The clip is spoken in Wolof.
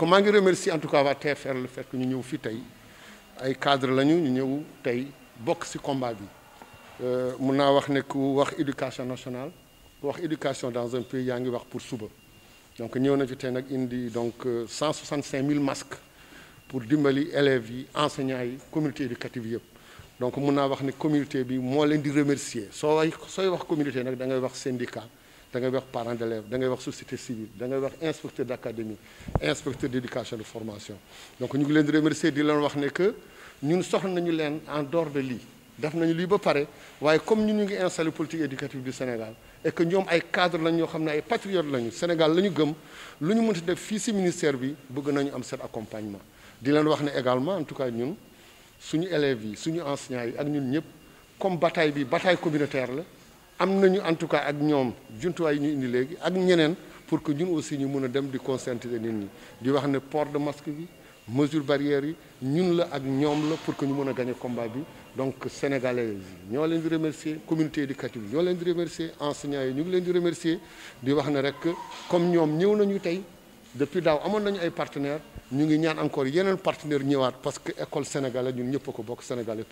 Je remercie, en tout cas TFR le fait que nous ñëw fi Nous ay cadre lañu ñu pour tey combat bi dire euh, wax ne éducation nationale pour éducation dans un pays qui est pour suba donc nous avons ci donc 165 euh, 000 masques pour les élèves les enseignants yi communauté éducative Donc, donc mun dire wax la communauté bi moo leen di remercier soo wax communauté vous da syndicat da ngay wax parents d'élèves da ngay wax société civile da ngay wax inspecteur d'académie inspecteur d'éducation de formation donc ñu ngi leen di remercier di leen wax ne que ñun soxla nañu leen en dehors de lii def nañu li ba pare waye comme ñun ñu ngi installé politique éducative du Sénégal et que ñom ay cadre lañ ñoo xam ay patriotes lañu Sénégal lañu gëm lu ñu mënti def fi ci ministère bi bëgg nañu am cet accompagnement di leen wax ne également en tout cas ñun suñu élèves yi suñu enseignants yi ak ñun ñëpp comme bataille bi bataille communautaire la am nañu en tout cas ak ñoom jumtuwaay ñu indi léegi ak ñeneen pour que ñun aussi ñu mën a dem di conscientiser nit ñi di wax ne port de masque bi mesure barrière yi ñun la ak ñoom la pour que ñu mën a gagné combat bi donc sénégalais yi ñoo leen di remercier communauté éducative ñoo leen di remercier enseignants yi ñu ngi leen di remercier di wax ne rek comme ñoom ñëw nañu tey depuis daaw amoon nañu ay partenaires ñu ngi ñaan encore yeneen partenaires ñëwaat parce que école sénégalaise ñun ñëpp a ko bokk sénégalais